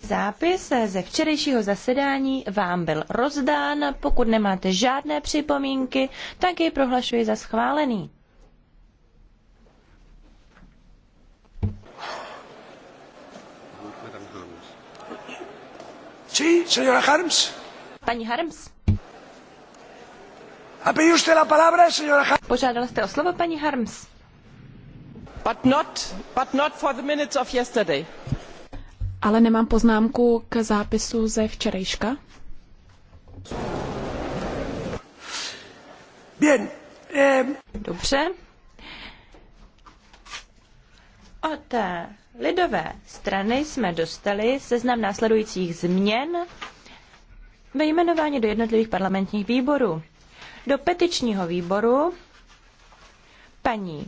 Zápis ze včerejšího zasedání vám byl rozdán. Pokud nemáte žádné připomínky, tak jej prohlašuji za schválený. Sí, señora Harms. Paní Harms. Ha pedido usted la palabra, señora Harms. Požádala jste o slovo, paní Harms. Ale nemám poznámku k zápisu ze včerejška. Bien. Eh, Dobře. Od lidové strany jsme dostali seznam následujících změn ve jmenování do jednotlivých parlamentních výborů. Do petičního výboru paní